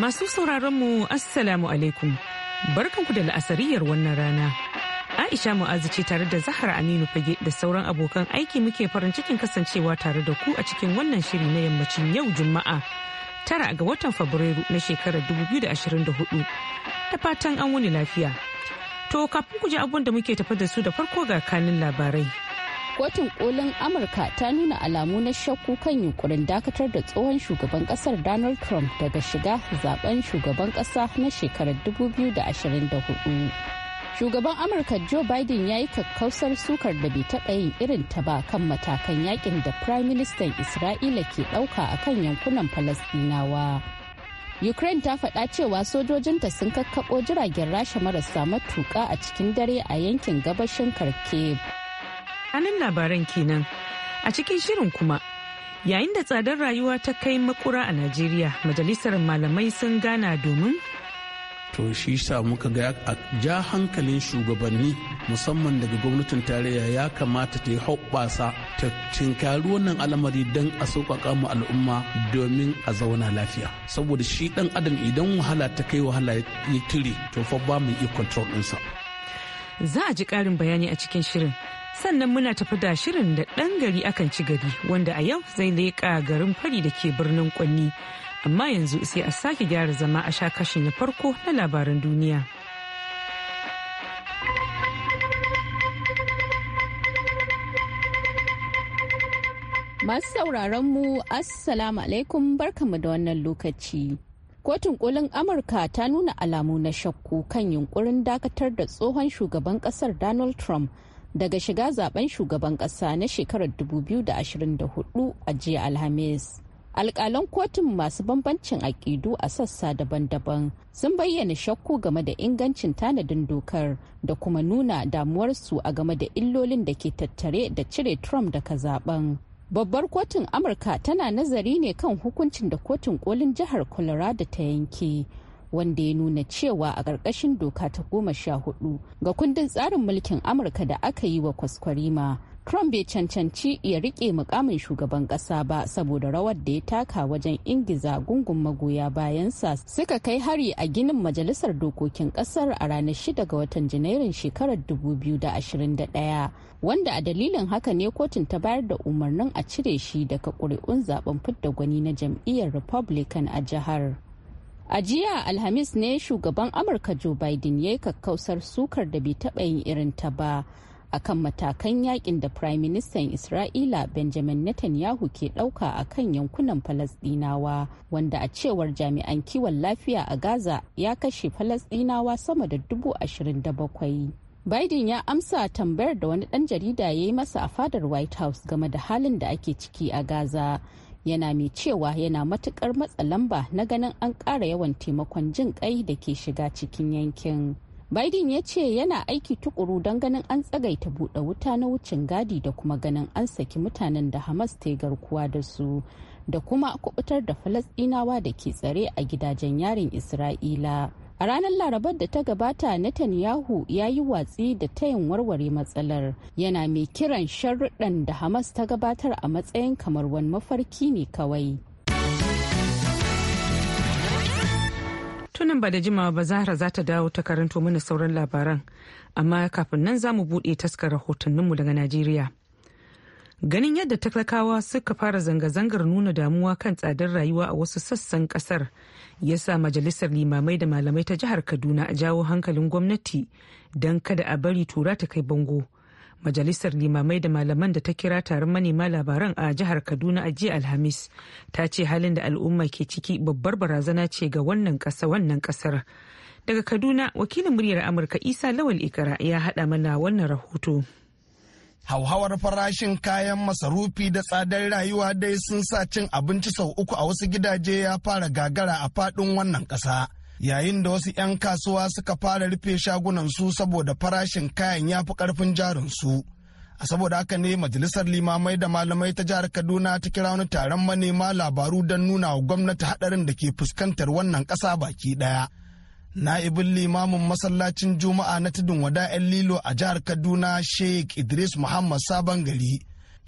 Masu sauraron mu Assalamu alaikum. Barkanku da la'asariyar wannan rana. Aisha Mu'azu ce tare da Zahra Aminu Fage da sauran abokan aiki muke farin cikin kasancewa tare da ku a cikin wannan shiri na yammacin yau Juma'a. Tara ga watan Fabrairu na shekarar 2024. Da hudu, fatan an wuni lafiya. To kafin ku ji abun da muke tafa da su da farko ga kanin labarai. kotun kolin amurka ta nuna alamu na shakku kan yunkurin dakatar da tsohon shugaban kasar donald trump daga shiga zaben shugaban kasa na shekarar 2024 shugaban amurka joe biden ya yi kakkausar sukar da bai taɓa yin irin ta ba kan matakan yakin da prime minister isra'ila ke ɗauka a kan yankunan falasdinawa ukraine ta faɗa cewa sojojinta sun kakkaɓo jiragen rasha marasa matuƙa a cikin dare a yankin gabashin kharkiv hannun labaran kenan a cikin shirin kuma yayin da tsadar rayuwa ta kai makura a najeriya majalisar malamai sun gana domin to shi sa muka ga a ja hankalin shugabanni musamman daga gwamnatin tarayya ya kamata ta yi hoɓɓasa ta tinkari wannan al'amari don a sauƙaƙa mu al'umma domin a zauna lafiya saboda shi ɗan adam idan wahala ta kai wahala ya tire to fa ba mu iya control ɗinsa za a ji ƙarin bayani a cikin shirin sannan muna tafi da shirin da ɗan gari akan ci gari wanda a yau zai leƙa garin fari da ke birnin kwanni amma yanzu sai a sake gyara zama a sha kashi na farko na labaran duniya masu sauraron mu assalamu alaikum barkamu da wannan lokaci kotun kolin amurka ta nuna alamu na shakku kan yunkurin dakatar da tsohon shugaban kasar donald trump daga shiga zaben shugaban ƙasa na shekarar 2024 a jiya alhamis Alƙalan kotun masu bambancin aƙidu a sassa daban-daban sun bayyana shakku game da ingancin tanadin dokar da kuma nuna damuwarsu a game da illolin da ke tattare da cire trump daga zaben babbar kotun amurka tana nazari ne kan hukuncin da kotun kolin jihar colorado ta yanke wanda ya nuna cewa a ƙarƙashin doka ta goma sha hudu ga kundin tsarin mulkin amurka da aka yi wa kwaskwarima Trump bai cancanci ya rike mukamin shugaban ƙasa ba saboda rawar da ya taka wajen ingiza gungun magoya bayansa suka kai hari a ginin majalisar dokokin kasar a ranar shida ga watan janairun shekarar dubu biyu da da ashirin 2021 wanda a dalilin haka ne kotun ta bayar da umarnin a cire shi daga ƙuri'un zaben fidda gwani na jam'iyyar Republican a jihar. A jiya Alhamis ne shugaban Amurka Joe Biden ya yi kakkausar sukar da bai taba yin irin ta ba akan matakan yakin da Prime Minister Isra'ila Benjamin Netanyahu ke ɗauka a kan yankunan Falasɗinawa wanda a cewar jami'an kiwon lafiya a Gaza ya kashe Falasɗinawa sama da dubu ashirin da bakwai. Biden ya amsa tambayar da wani ɗan jarida ya yi masa a fadar White House game da halin da ake ciki a Gaza. yana mai cewa yana matukar matsa lamba na ganin an ƙara yawan taimakon jin kai da ke shiga cikin yankin biden ya ce yana aiki tukuru don ganin an tsagaita buɗe wuta na wucin gadi da kuma ganin an saki mutanen da hamas ta garkuwa da su da kuma kubutar da falasɗinawa da ke tsare a gidajen yarin isra'ila A ranar Larabar da ta gabata Netanyahu ya yi watsi da tayin warware matsalar yana mai kiran sharruɗan da Hamas ta gabatar a matsayin kamar wani mafarki ne kawai. Tunan ba da jimawa ba Zahra za ta dawo ta karanto mana sauran labaran, amma kafin nan za mu buɗe taskar rahotanninmu daga Najeriya. ganin yadda talakawa suka fara zanga-zangar nuna damuwa kan tsadar rayuwa a wasu sassan ƙasar ya sa majalisar limamai da malamai ta jihar kaduna a jawo hankalin gwamnati don kada a bari tura ta kai bango majalisar limamai da malaman da ta kira taron manema labaran a jihar kaduna a jiya alhamis ta ce halin da al'umma ke ciki babbar barazana ce ga wannan ƙasa wannan ƙasar daga kaduna wakilin muryar amurka isa lawal ikara ya haɗa mana wannan rahoto. hauhawar farashin kayan masarufi da tsadar rayuwa dai sun sa cin abinci sau uku a wasu gidaje ya fara gagara a faɗin wannan ƙasa yayin da wasu 'yan kasuwa suka fara rufe shagunansu saboda farashin kayan ya fi ƙarfin jarinsu a saboda haka ne majalisar limamai da malamai ta jihar kaduna ta kira wani taron manema labaru don nuna wa gwamnati haɗarin da ke fuskantar wannan ƙasa baki ɗaya Na'ibin limamin masallacin Juma'a na tudun wada 'yan lilo a jihar Kaduna Sheikh Idris Muhammad Sabon Gari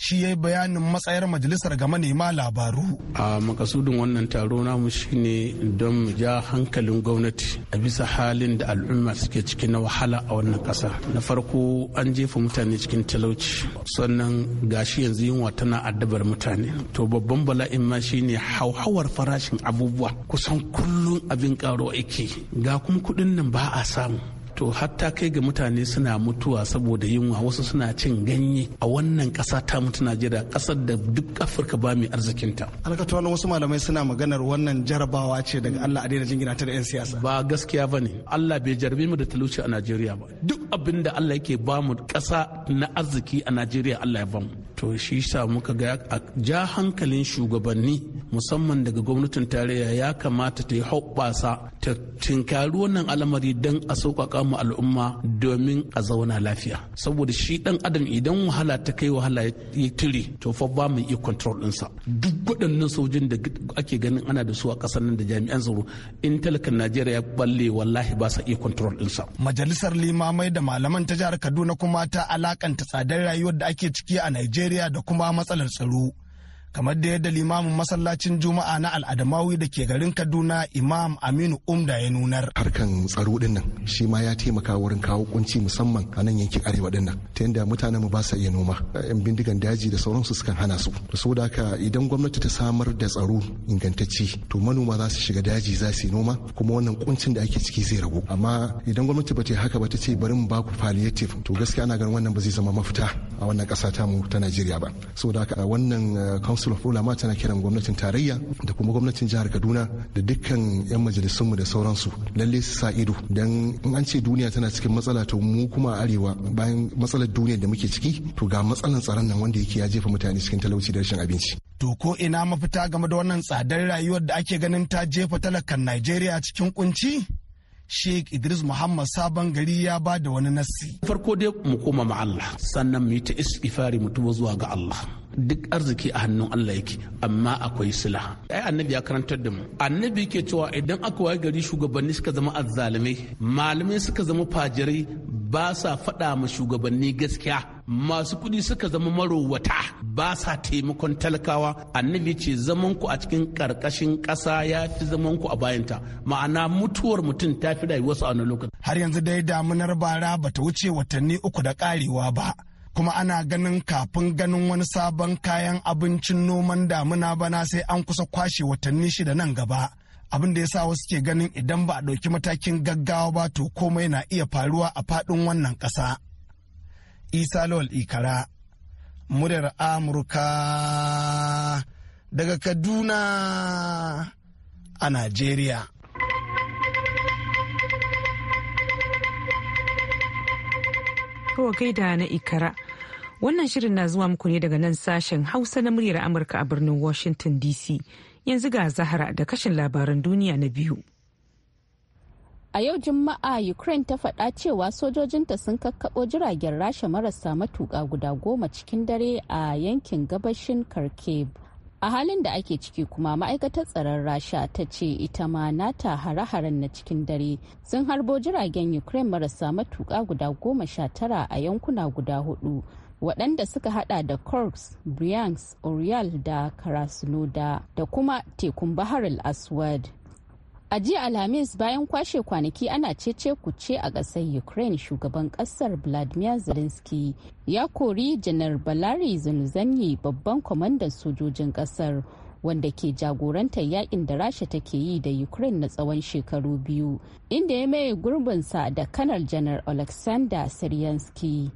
shi ya yi bayanin matsayar majalisar ga manema labaru. A makasudin wannan taro namu shine don mu ja hankalin gwamnati a bisa halin da al'umma suke ciki na wahala a wannan ƙasa. Na farko an jefa mutane cikin talauci sannan gashi yanzu yunwa tana addabar mutane. To babban bala'in ma shine hauhawar farashin abubuwa kusan kullum abin ƙaro ake ga kuma kuɗin nan ba a samu. to hatta kai ga mutane suna mutuwa saboda yunwa wasu suna cin ganye a wannan kasa ta mutu najeriya kasar da duk afirka ba mai arzikinta alkatu wani wasu malamai suna maganar wannan jarabawa ce daga allah adina daina jingina ta da 'yan siyasa ba gaskiya ba ne allah bai jarabe mu da talauci a najeriya ba duk abin da allah yake bamu kasa na arziki a najeriya allah ya bamu to shi sa muka ga a ja hankalin shugabanni musamman daga gwamnatin tarayya ya kamata ta yi hoɓɓasa ta tinkari wannan al'amari don a sauƙaƙa mu al'umma domin a zauna lafiya saboda shi ɗan adam idan wahala ta kai wahala ya tire to fa ba mu iya control ɗinsa duk waɗannan sojin da ake ganin ana da su a ƙasar nan da jami'an tsaro in talakan najeriya ya balle wallahi ba sa iya control ɗinsa. majalisar limamai da malaman ta jihar kaduna kuma ta alakanta tsadar rayuwar da ake ciki a najeriya najeriya da kuma matsalar tsaro kamar da yadda limamin masallacin juma'a na al'adamawi da ke garin kaduna imam aminu umda ya nunar harkan tsaro din shi ma ya taimaka wurin kawo kunci musamman a nan yankin arewa dinnan ta yadda mutanen mu ba sa iya noma yan bindigan daji da sauransu sukan hana su da haka idan gwamnati ta samar da tsaro ingantacce to manoma za su shiga daji za su yi noma kuma wannan kuncin da ake ciki zai ragu amma idan gwamnati ba ta haka ba ta ce bari mu ba ku palliative to gaskiya ana ganin wannan ba zai zama mafita a wannan kasa ta mu ta Najeriya ba da haka wannan uh, council of tana kiran gwamnatin tarayya da kuma gwamnatin jihar kaduna da dukkan 'yan majalisunmu da sauransu lalle su sa ido don in an ce duniya tana cikin matsala to mu kuma arewa bayan matsalar duniya da muke ciki to ga matsalar tsaron nan wanda yake ya jefa mutane cikin talauci da rashin abinci to ko ina mafita game da wannan tsadar rayuwar da ake ganin ta jefa talakan najeriya cikin kunci Sheikh Idris Muhammad Sabon gari ya ba da wani nasi. Farko dai mu koma ma Allah sannan mu yi ta istighfari mu tuba zuwa ga Allah. duk arziki a hannun Allah yake amma akwai sila ai annabi ya karantar da mu annabi yake cewa idan aka waye gari shugabanni suka zama azzalumai malamai suka zama fajirai ba sa faɗa ma shugabanni gaskiya masu kuɗi suka zama marowata ba sa taimakon talakawa annabi ce zaman ku a cikin ƙarƙashin ƙasa ya fi zaman ku a bayanta ma'ana mutuwar mutum ta fi rayuwarsa a wani lokaci har yanzu dai damunar bara bata wuce watanni uku da ƙarewa ba kuma ana ganin kafin ganin wani sabon kayan abincin noman damuna bana sai an kusa kwashe watanni shida nan gaba abin da ya sa wasu ke ganin idan ba a ɗauki matakin gaggawa ba to komai na iya faruwa a faɗin wannan ƙasa. isa lawal ikara muryar amurka daga kaduna a najeriya kawai da na ikara Wannan shirin na zuwa muku ne daga nan sashen Hausa na muryar Amurka a birnin Washington DC. Yanzu ga Zahara da kashin labaran duniya na biyu. A yau Juma'a Ukraine ta faɗa cewa sojojinta sun kakkaɓo jiragen rasha marasa matuƙa guda goma cikin dare a yankin gabashin Kharkiv. a halin da ake ciki kuma ma'aikatar tsaron rasha ta ce ita ma nata hare-haren na cikin dare sun harbo jiragen ukraine marasa matuƙa guda goma sha tara a yankuna guda hudu waɗanda suka hada da corks bryans oriel da karasnoda da kuma tekun bahar al-aswad a jiya alhamis bayan kwashe kwanaki ana cece ku ce a ƙasar ukraine shugaban ƙasar vladimir zelensky ya kori janar balari zanuzanyi babban kwamandan sojojin ƙasar wanda ke jagorantar yakin da rasha take yi da ukraine na tsawon shekaru biyu inda ya maye gurbinsa da kanar janar alexander siryansky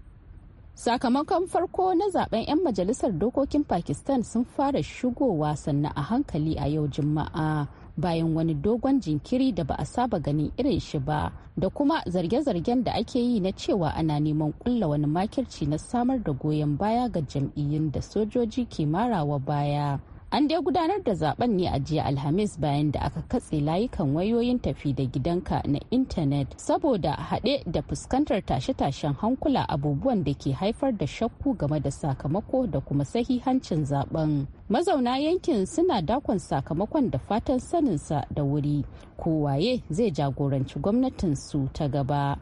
sakamakon farko na zaben 'yan majalisar dokokin pakistan sun fara shigowa sannan a hankali a yau juma'a bayan wani dogon jinkiri da ba a saba ganin irin shi ba da kuma zarge-zargen da ake yi na cewa ana neman kulla wani makirci na samar da goyon baya ga jam'iyyun da sojoji ke marawa baya An dai gudanar da zaben ne a jiya Alhamis bayan da aka katse layukan wayoyin tafi da gidanka na intanet saboda haɗe da fuskantar tashe-tashen hankula abubuwan da ke haifar da shakku game da sakamako da kuma sahihancin zaben. Mazauna yankin suna dakon sakamakon da fatan saninsa da wuri. Kowaye zai jagoranci gwamnatinsu ta gaba.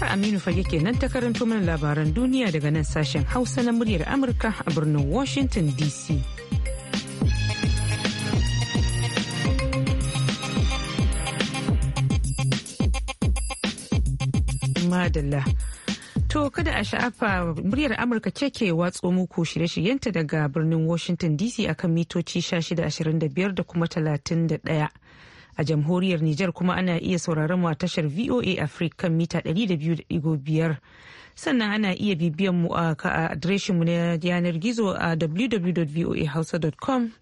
Har Aminu fage kenan ta karanto mana labaran duniya daga nan sashen Hausa na muryar Amurka a birnin Washington DC. Madalla. To kada a sha'afa muryar Amurka ce ke watso muku shirye-shiryenta daga birnin Washington DC akan mitoci 1625 da kuma 31. a jamhuriyar Nijar kuma ana iya sauraron mu a tashar VOA Africa kan mita 200.5 sannan ana iya bibiyan mu a adireshin mu na yanar gizo a www.voahausa.com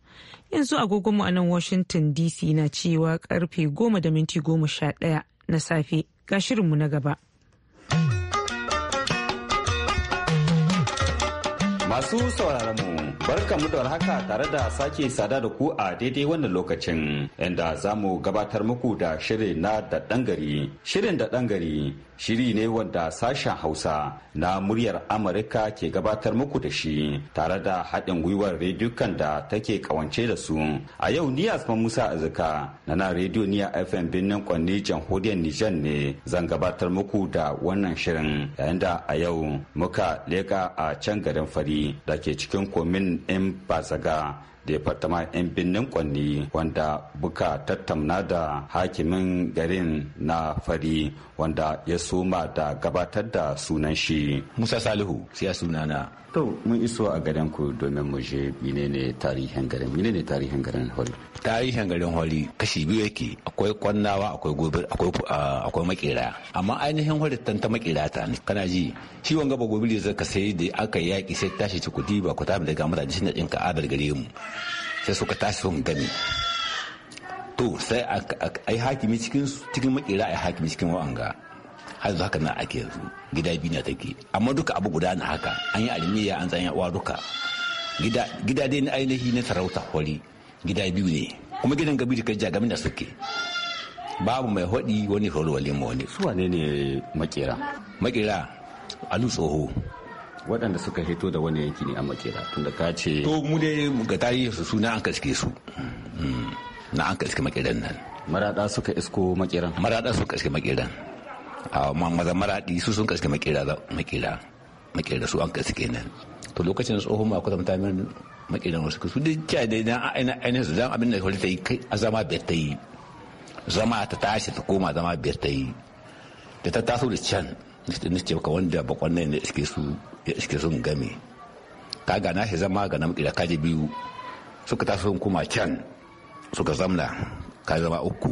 yanzu agogon mu a nan Washington DC na cewa karfe 10 da minti 11 na safe ga shirinmu na gaba. Masu sauraron mu da haka tare da sake sada da ku a daidai wannan lokacin, inda za mu gabatar muku da shirin na da gari. Shirin da gari shiri ne wanda sashen Hausa na muryar Amurka ke gabatar muku da shi, tare da haɗin gwiwar rediyokan da take kawance da su. A yau ni Asman Musa azuka na na rediyo Niya FM birnin Kwanne jamhuriyar Nijar ne zan gabatar muku da wannan shirin, yayin da a yau muka leka a can garin fari. da ke cikin komin in Bazaga da ya fatama 'yan birnin kwanni wanda buka tattamna da hakimin garin na fari wanda ya soma da gabatar da sunan shi. Musa Salihu, siya sunana. to mun iso a garin ku domin mu je menene tarihin garin menene tarihin garin holi tarihin garin holi kashi biyu yake akwai kwannawa akwai gobir akwai ah, akwai makera amma ainihin holi tan ta makera ta ne kana ji shi wanga ba gobir zai ka sai da aka yaki sai tashi ci kudi ba ku ta daga mutane shi da ka adar gare mu sai suka tashi sun gani to sai a yi hakimi cikin makera a yi hakimi cikin wanga. har yanzu haka na ake gida biyu na take amma duka abu guda na haka an yi alimiya an tsanya uwa duka gida dai na ainihi na sarauta hori gida biyu ne kuma gidan gabi da kajja gamin da suke babu mai hodi wani horo wale ma wani su wane ne makera makera alu tsoho waɗanda suka hito da wani yanki ne a makera tunda ka ce to mu dai ga tarihi su suna an kaske su na an kaske mm, mm, makeran nan marada suka isko makeran marada suka iske makeran Ah, a maza maraɗi su sun kaske makera makera makera su an kaske nan to lokacin tsohon ma kusa mutanen makera wasu su duk kya dai na aina su dan abin da ta yi kai a zama ta yi zama ta tashi ta koma zama bai ta yi da ta taso da can na ce ka wanda bakon nan ne iske su ya iske sun game ka ga na shi zama ga na makera kaje biyu suka taso sun koma can suka zamna ka zama uku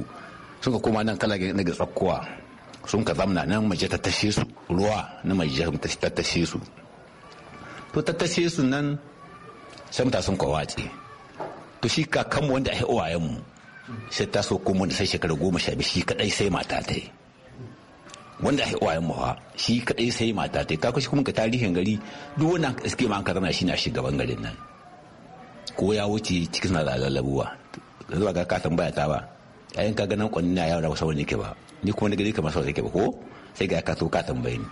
suka koma nan kala na ga tsakkuwa sun ka zamna nan maje ta tashe su ruwa na maje ta tashe su to ta tashe su nan sai mutasun ka watse to shi kakanmu wanda a uwayen mu sai ta so kuma da sai shekara goma sha biyu shi kadai sai mata ta yi wanda a uwayen mu ha shi kadai sai mata ta yi ka kuma ka tarihin gari duk wannan iske ma an ka zama shi na shugaban garin nan ko ya wuce cikin na lalabuwa zuwa ga ka tambaya ta ba yayin ka ganin kwanin na yawon da kusa wani ke ba ni kuma daga zika kamar sau ko sai ga ka so ka tambaye ni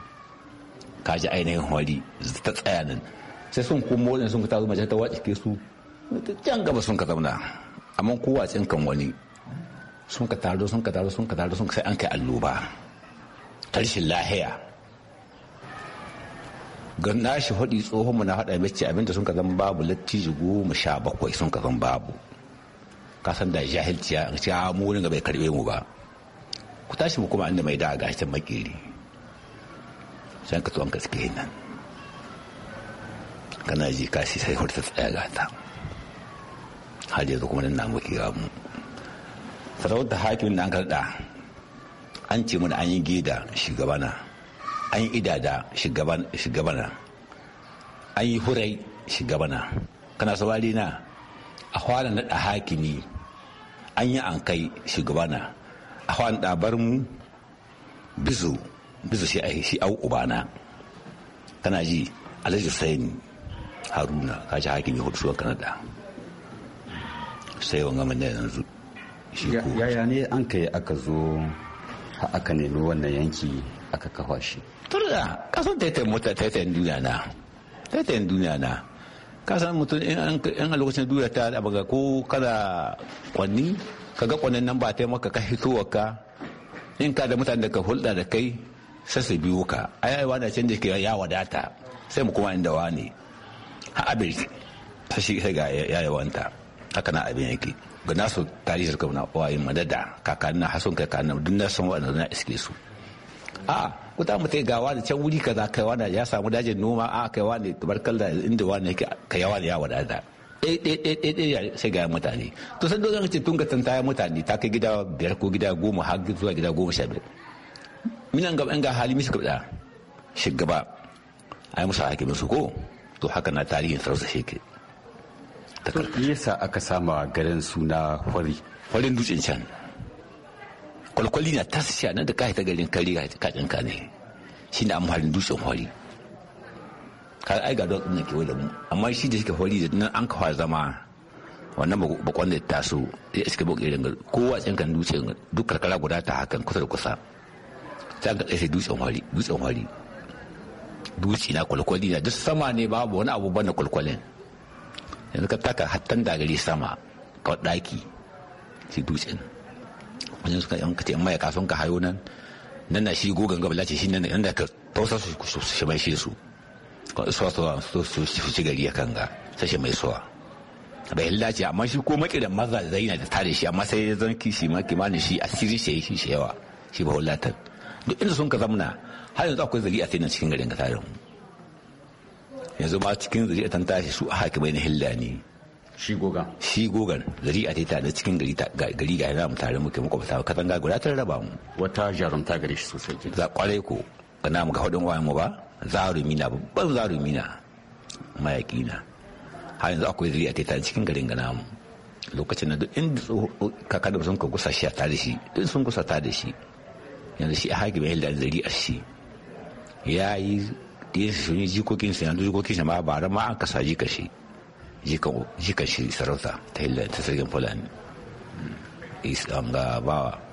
ka ji ainihin hori ta tsaya nan sai sun kuma wajen sun ta zo mace ta wace ke su can gaba sun ka zauna amma kowa tsinkan wani sun ka taro sun ka taro sun ka taro sun sai an kai alloba tarshen lahiya ga shi hudi tsohonmu na hada mace abinda sun ka zan babu latti goma sha bakwai sun ka zan babu ka san da jahilciya a cikin amurin ga bai karbe mu ba ku tashi mu kuma inda mai da ga ta makeri san ka tuwon gaske nan kana ji kashi sai hurta tsaya gata har yanzu kuma nan na kira mu mu sarauta hakimin da an karɗa an ce mana an yi gida shugabana an yi idada shugabana an yi hurai shugabana kana saurari na a fara naɗa hakimi an yi an kai shugabana a hwan ɗabar mu bizu bizu shi a shi au ubana kana ji alhaji sayin haruna ka ji hakimi hudu suwan kanada sai wanga gama da yanzu yaya ne an kai aka zo aka nemi wannan yanki aka kafa shi turda kasan taitayin mota taitayin duniya na taitayin duniya na kasan mutum in a lokacin duniya ta abaga ko kada kwanni ka ga kwanan nan ba ta maka ka hitowa ka in ka da mutane da ka hulɗa da kai sai su biyo ka ai wani can da ke ya wadata sai mu kuma inda wani ha abin ta shi ga ya yawanta haka na abin yake ga nasu tarihin ka na wayin madada kakanin na hasun kakanin duk na san waɗanda na iske su a kuta mu ga wani can wuri kaza kai wani ya samu dajin noma a kai wani da inda wani yake kai wani ya wadata ɗaya eh, eh, eh, sai ga mutane to sai dole ce tun ga tantaya mutane ta kai gida biyar ko gida goma har zuwa gida goma sha biyar minan gaban ga hali mishi kabda shugaba ai musa hakimin su ko to haka na tarihin sarauta sheke yasa aka sama garin suna kwari kwarin dutsen can kwalkwali na tasiri nan da kai ta garin kare ka ne shi ne amma harin dutsen kwari ka ai ga dutsen ke wai da mu amma shi da shi ka fari da nan an kawo zama wannan bakon da ta so ya iske bakon irin kowa tsin kan dutse duk karkara guda ta hakan kusa da kusa ga kai sai dutsen hori dutsen hori dutse na kwalkwali na duk sama ne babu wani abu bane kwalkwalin yanzu ka taka hattan dagari sama ka daki shi dutsen wajen suka yanka ce amma ya kasuwan ka hayo nan nan na shi gogon gaba lace shi nan da ka tausa su shi mai shi su suwa suwa su ci gari kan ga sashe mai suwa bai hilla ce amma shi ko makidan maza da zai da tare shi amma sai ya zan kishi ma kimanin shi shi shi shi yawa shi ba duk inda sun ka zamna har yanzu akwai zuri'a sai nan cikin garin ka tare yanzu ma cikin zuri'a tan tashi su a hakimai na hilla ne shi gogan shi gogan a ta tare cikin gari gari ga yana mu tare muke muka ba ta katanga guda ta raba mu wata jarumta gare shi sosai za kwarai ko kana mu ga hudun faɗin mu ba zarumi na babban zarumi na mayaki na har yanzu akwai zuri a taitan cikin garin gana mu lokacin na duk inda kakadar sun ka gusa shi a tare shi duk sun gusa tare shi yanzu shi a haƙi mai da zari a shi ya yi ɗin su shi jikokin su yanzu jikokin shi ma ba ma an kasa jika shi jika shi sarauta ta hilda ta sarkin fulani islam ga bawa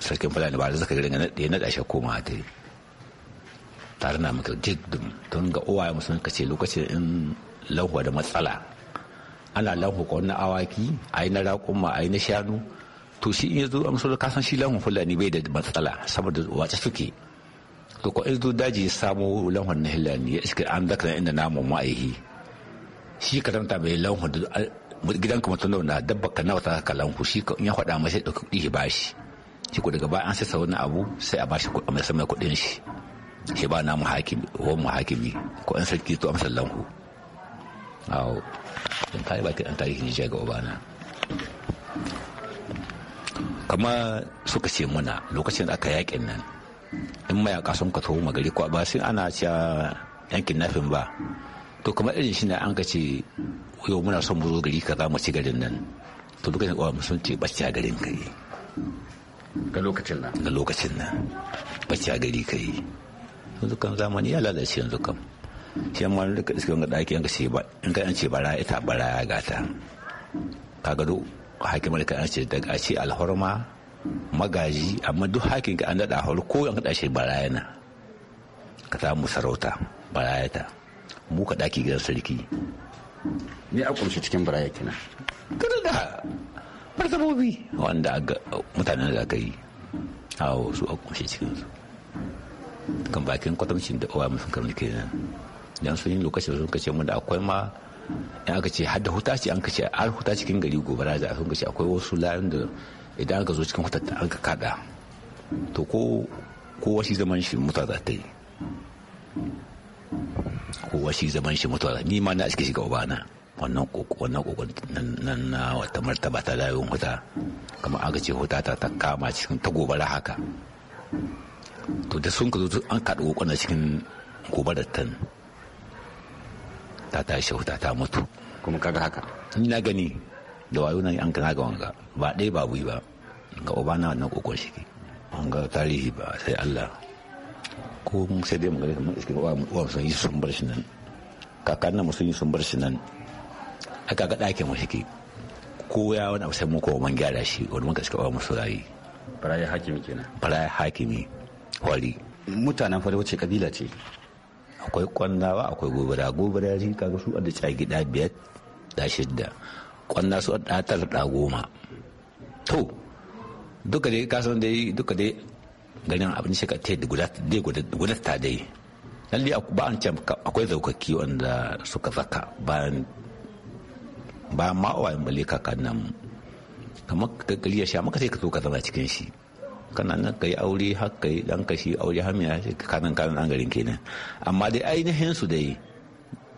sarkin fulani ba da zaka gari da ya naɗa shi koma ta yi tare na maka jiddin tun ga uwaye musulun ka ce lokacin in lauwa da matsala ana lanhu ko wani awaki a yi na raƙumma a yi na shanu to shi in ya zo amsar kasan shi lanhu fulani bai da matsala saboda wace suke to ko in zo daji ya samu lanhun na hilani ya iska an zaka inda namun ma'aihi shi karanta bai lanhu da gidan ka mutum na dabba ka nawa ta lanku shi in ya faɗa mai sai ɗauki kuɗi shi shi ko daga baya an sai wani abu sai a ba shi kuɗi mai sama kuɗin shi shi ba na muhakimi ko hakimi ko an sarki to amsar lanku awo in kai baki an tarihi ni ga obana kama suka ce muna lokacin da aka yakin nan in mayaka sun ka taho magari ko ba sai ana cewa yankin nafin ba to kamar irin shi ne an ka ce yau muna son mu zo gari ka mu ci garin nan to duka ne sun ce bacci a garin kai ga lokacin nan ga lokacin nan bacci a gari kai yanzu kan zamani ya lalace yanzu kam shi amma da ka iske wanga daki an ce ba in ka an ce bara ita bara ya gata ka gado hakim da ka an ce daga ce alhorma magaji amma duk hakin ka an dada hor ko an da shi bara yana ka samu sarauta bara ya ta mu ka daki gidan sarki me a kunshi cikin biraya kina kada da martabobi wanda mutanen da aka yi awo su a kunshi cikin su kan bakin kwatancin da owa musu karni nan dan sun yi lokacin sun kace mun da akwai ma in aka ce har huta ce an kace har huta cikin gari gobara da sun kace akwai wasu layin da idan aka zo cikin hutar an aka kada to ko ko wasu zaman shi mutaza ta yi kowa shi zaman shi mutuwa ni ma na aske shiga ubana wannan wannan kokonin na wata martaba ta dayon huta kama aka ce huta ta kama cikin ta gobara haka to da sun ka zo an kaɗa kokon cikin gobarar tan ta tashi huta ta mutu kuma kaga haka ni na gani da wayo nan an kana ga wanga ba ɗaya ba bui ba ga ubana wannan kokon shi ke wanga tarihi ba sai Allah ko sai dai magana kamar iskin uwa sun yi sun bar shi nan kakannin mu sun yi sun bar shi nan aka ga ɗakin mu shike ko ya wani abu sai mu ko man gyara shi wani mun gaskiya uwa musu rayi faraya hakimi kenan faraya hakimi wali mutanen fari wace kabila ce akwai kwannawa akwai gobara gobara shi kaga su da cagi da biyar da shidda kwanna su da tar da goma to duka dai kasan dai duka dai garin abin shi ka te guda ta dai lalle ba an ce akwai zaukaki wanda suka zaka bayan bayan ma'awayin bale kakan nan kamar ka ya sha maka sai ka zo ka zama cikin shi kana nan ka yi aure har ka yi ɗan kashi aure har mai ka kanan kanan an garin kenan amma dai ainihin su dai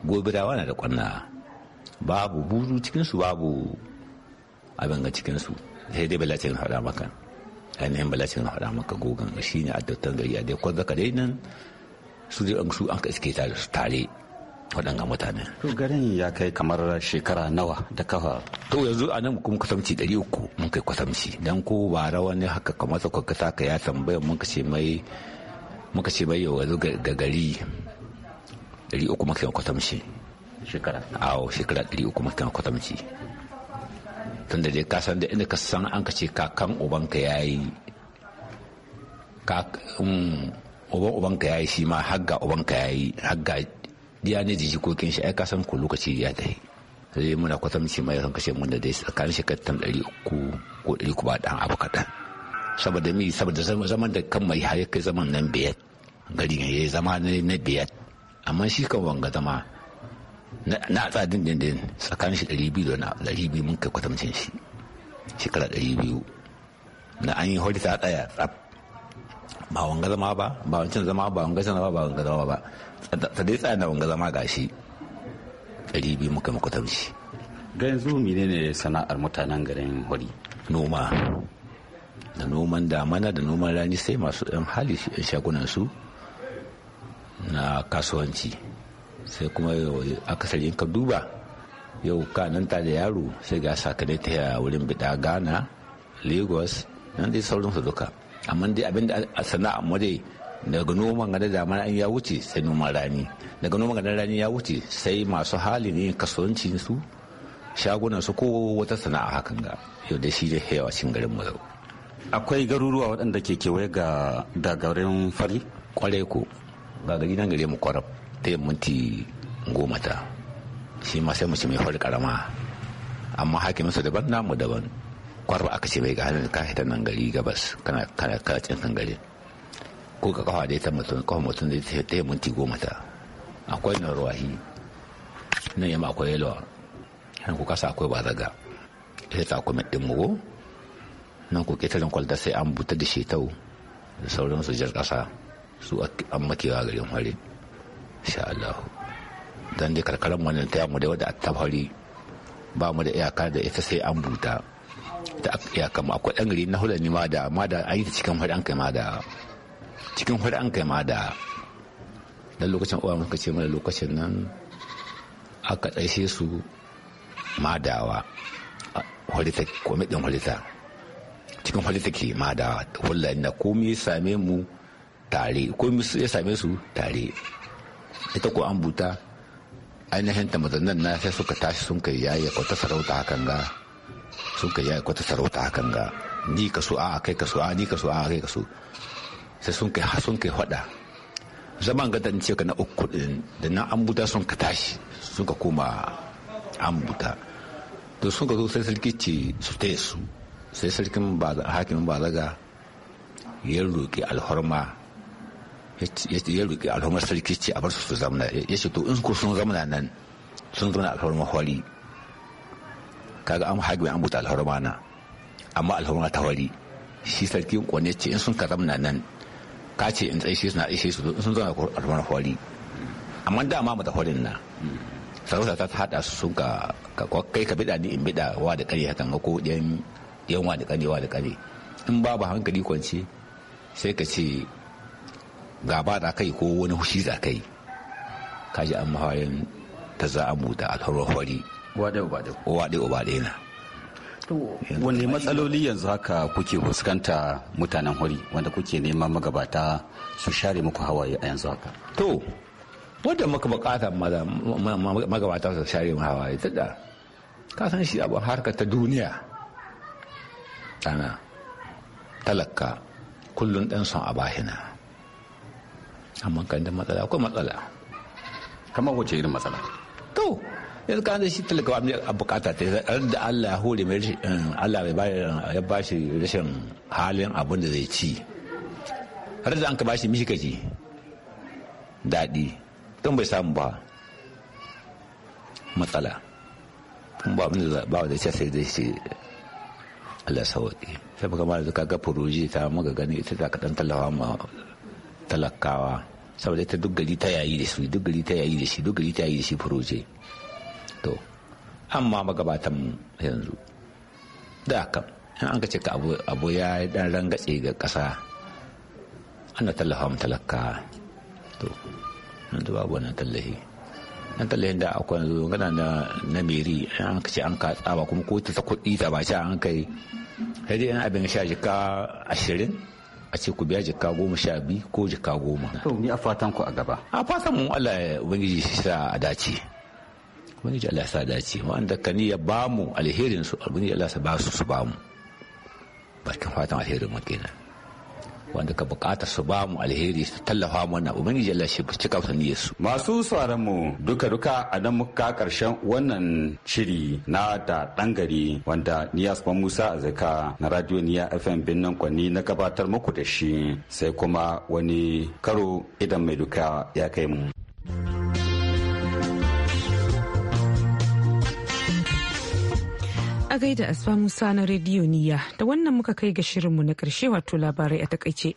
gobirawa na da kwanna babu buru cikin su babu abin ga cikin su sai dai balacin haɗa maka ainihin balacin na faɗa maka gogon shi ne a dattan gari a dai zaka dai nan su dai su an ka iske ta tare waɗanga mutane. To garin ya kai kamar shekara nawa da kafa. To yanzu a nan kuma kwasamci ɗari uku mun kai kwasamci don ko ba rawa ne haka kamar sa kuka ka ya tambaya mun ce mai muka ce mai yanzu ga gari ɗari uku mun kai kwasamci. Shekara. Awo shekara ɗari uku mun kai kwasamci. tunda dai ka san da inda ka san an ka ce kakan ubanka ya yi mm, uban ubanka ya yi shi ma hagga ubanka ya yi hagga diya ne da jikokin shi ai ka san ku lokaci ya yi zai muna kwatanci mai san kashe mun da dai tsakanin shekarar tan ɗari uku ko ɗari ku ba ɗan abu kaɗan saboda mi saboda zaman da kan mai har kai zaman nan biyar gari ya yi zama na biyar amma shi kan wanga zama na tsa din din din tsakanin shi ɗari biyu da ɗari biyu mun kai kwatamcin shi shekara ɗari biyu na an yi hori ta tsaya tsaf ba wanga zama ba ba wancan zama ba wanga zama ba wanga zama ba ta dai tsaya na wanga zama gashi ɗari biyu kai makwatamci ga yanzu menene sana'ar mutanen garin hori noma da noman damana da noman rani sai masu ɗan hali shagunan su na kasuwanci sai kuma akasarin ka duba yau ka nan ta da yaro sai ga sakane ta wurin bida ghana lagos nan dai su duka amma dai abin da a sana'a mu dai daga noman gada an ya wuce sai noman rani daga noman gada rani ya wuce sai masu hali ne kasuwanci su shagunan su ko wata sana'a hakan ga yau da shi da yawacin garin mu akwai garuruwa waɗanda ke kewaye ga dagarin fari kwarai ko ga gari nan gare mu kwarab ta yin minti goma ta shi ma sai mu mai hori karama amma hakimin su daban namu daban kwarba aka ce mai ga hannun ka hita nan gari gabas kana kana kacin tsinkan gari ko ka kafa da ita mutum kafa mutum da ta yin minti goma ta akwai nan ruwahi nan yamma akwai yalwa nan ku kasa akwai bazaga ita ta kuma ɗin mugo nan ku ƙetaren kwalta sai an buta da shetau da sauransu jar ƙasa su an makewa garin hwarin sha Allah don da karkarar wannan ta mu da wadda ta ba mu da iyaka da ita sai an buta da iyaka mu akwai dangare na hulani ma da ma da an yi cikin hulani an kai ma da cikin hulani an kai ma da dan lokacin uwa muka ce mana lokacin nan aka tsaye su madawa hulita komedin hulita cikin hulita ke madawa hulani na komai same mu tare komai ya same su tare ita ko an buta ainihin ta mazannan na sai suka tashi sun kai yayi kwata sarauta hakan ga sun kai yayi kwata sarauta hakan ga ni ka so a kai ka so a ni ka so a kai ka so sai sun kai sun kai hada zaman gadan ce ka na uku din da na an buta sun ka tashi sun ka koma an buta to sun ka zo sai sarki ce su taya su sai sarkin hakimin ba zaga ya roki alhorma ya riƙe alhormar sarki ce a bar su su zamna ya ce to in ko sun zamna nan sun zamna alhormar hwari kaga an hagu an buta alhorma na amma alhorma ta hwari shi sarkin kwanne ce in sun ka zamna nan ka ce in tsaye suna aishe su in sun zama alhormar hwari amma dama mata hwarin na sarauta ta hada su sun ka kai ka bida ni in bida wa da kare hakan ko yan yan wa da kare wa da kare in babu hankali kwance sai ka ce gaba da kai ko wani hushi da kai kaji an mahawarin ta za'amu da hori waɗe ubaɗe na wani matsaloli yanzu haka kuke fuskanta mutanen hori wanda kuke nema magabata su share muku hawaye a yanzu haka to wanda muka bukata magabata su share mu hawaye tada ka san shi abin harkar ta duniya ana talaka kullum ɗan son a bahina amma kan da matsala akwai matsala kamar wace irin matsala to yanzu kan shi talaka a bukata ta yi da Allah hore mai eh, Allah bai bayar eh, ya ba shi rashin halin abin da zai ci har da an ka bashi mishi kaji daɗi don bai samu ba matsala kuma ba abin da ba da ce sai zai ce Allah sauƙi sai baka mara da ga furoji ta maga gani ita ta kaɗan tallafa ma talakawa saboda ita duk gari ta yayi da shi duk gari ta yayi da shi duk gari ta yayi da shi furoje to amma magabatan yanzu da kam in an ce ka abu ya dan rangatse ga kasa ana tallafa mu talakawa to an yanzu babu wannan tallahi an tallahi da akwai yanzu gana na na meri an ka ce an ka tsaba kuma ko ta kuɗi ta ba ci an kai sai dai abin sha jika ashirin a ce ku biya jika goma sha biyu ko jika goma. To ni a fatan ku a gaba. A fatan mu Allah ya ubangiji sa a dace. Ubangiji Allah sa dace wanda ka ni ya ba mu alherin su ubangiji Allah sa ba su su ba mu. Bakin fatan alherin mu kenan. wanda ka bukata su ba mu alheri su tallafa mana ubangiji Allah shi cika su su masu sauraron mu duka duka a nan muka karshen wannan shiri na da dan gari wanda Niyas Ban Musa Azaka na Radio Niya FM Binnan Kwanni na gabatar muku da shi sai kuma wani karo idan mai duka ya kai mu. thank you A gaida Asfa Musa na rediyo niya da wannan muka kai ga shirinmu na ƙarshe wato labarai a takaice.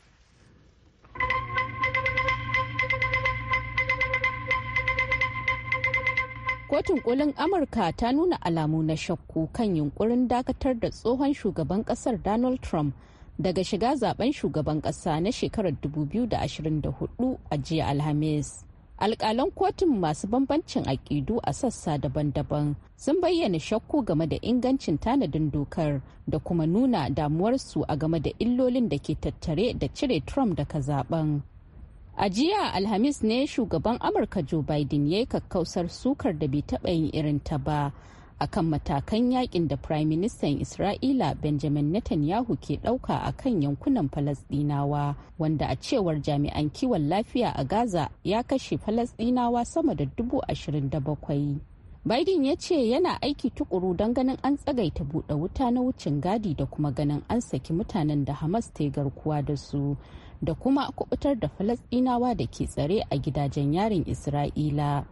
kotun kolin amurka ta nuna alamu na shakku kan yunkurin dakatar da tsohon shugaban kasar donald trump daga shiga zaben shugaban kasa na shekarar 2024 a jiya alhamis alkalan kotun masu bambancin aƙidu a sassa daban-daban sun bayyana shakku game da ingancin tanadin dokar da kuma nuna damuwarsu a game da illolin da ke tattare da cire trump daga zaben a jiya alhamis ne shugaban amurka joe biden ya yi kakkausar sukar da bai taɓa yin irin ta ba akan matakan yakin da prime ministan isra'ila benjamin netanyahu ke dauka a kan yankunan falasdinawa wanda a cewar jami'an kiwon lafiya a gaza ya kashe falasdinawa sama da dubu ashirin da bakwai biden ya ce yana aiki tukuru don ganin an tsagaita buɗe wuta na wucin gadi da kuma ganin an saki mutanen da hamas ta garkuwa da su da kuma kubutar da falasdinawa da ke tsare a gidajen yarin isra'ila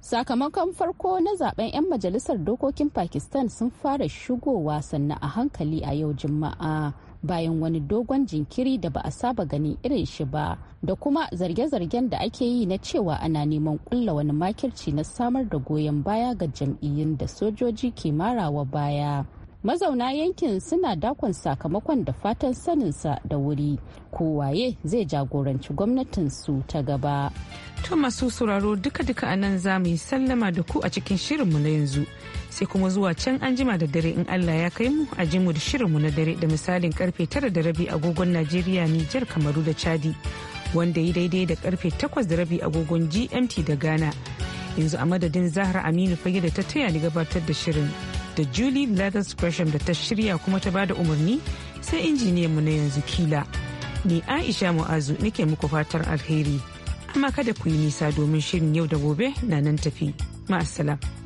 sakamakon farko na zaben 'yan majalisar dokokin pakistan sun fara shigowa sannan a hankali a yau juma'a bayan wani dogon jinkiri da ba a saba ganin irin shi ba da kuma zarge-zargen da ake yi na cewa ana neman kulla wani makirci na samar da goyon baya ga jam'iyyun da sojoji ke marawa baya mazauna yankin suna dakon sakamakon da fatan saninsa da wuri kowaye zai jagoranci gwamnatin su ta gaba to masu sauraro duka-duka a nan za mu yi sallama da ku a cikin shirinmu na yanzu sai kuma zuwa can an jima da dare in allah ya kai mu a jimu da shirinmu na dare da misalin karfe tara da rabi agogon najeriya nijar kamaru da chadi wanda yi daidai da karfe takwas da rabi agogon gmt da ghana yanzu a madadin zahra aminu fage da ta taya ni gabatar da shirin da Julie Leathers Gresham da ta shirya kuma ta bada umarni sai injiniyan mu na yanzu kila. Ni Aisha Mu'azu nake muku fatar alheri. Amma kada ku yi nisa domin shirin yau da gobe na nan tafi. ma'asala.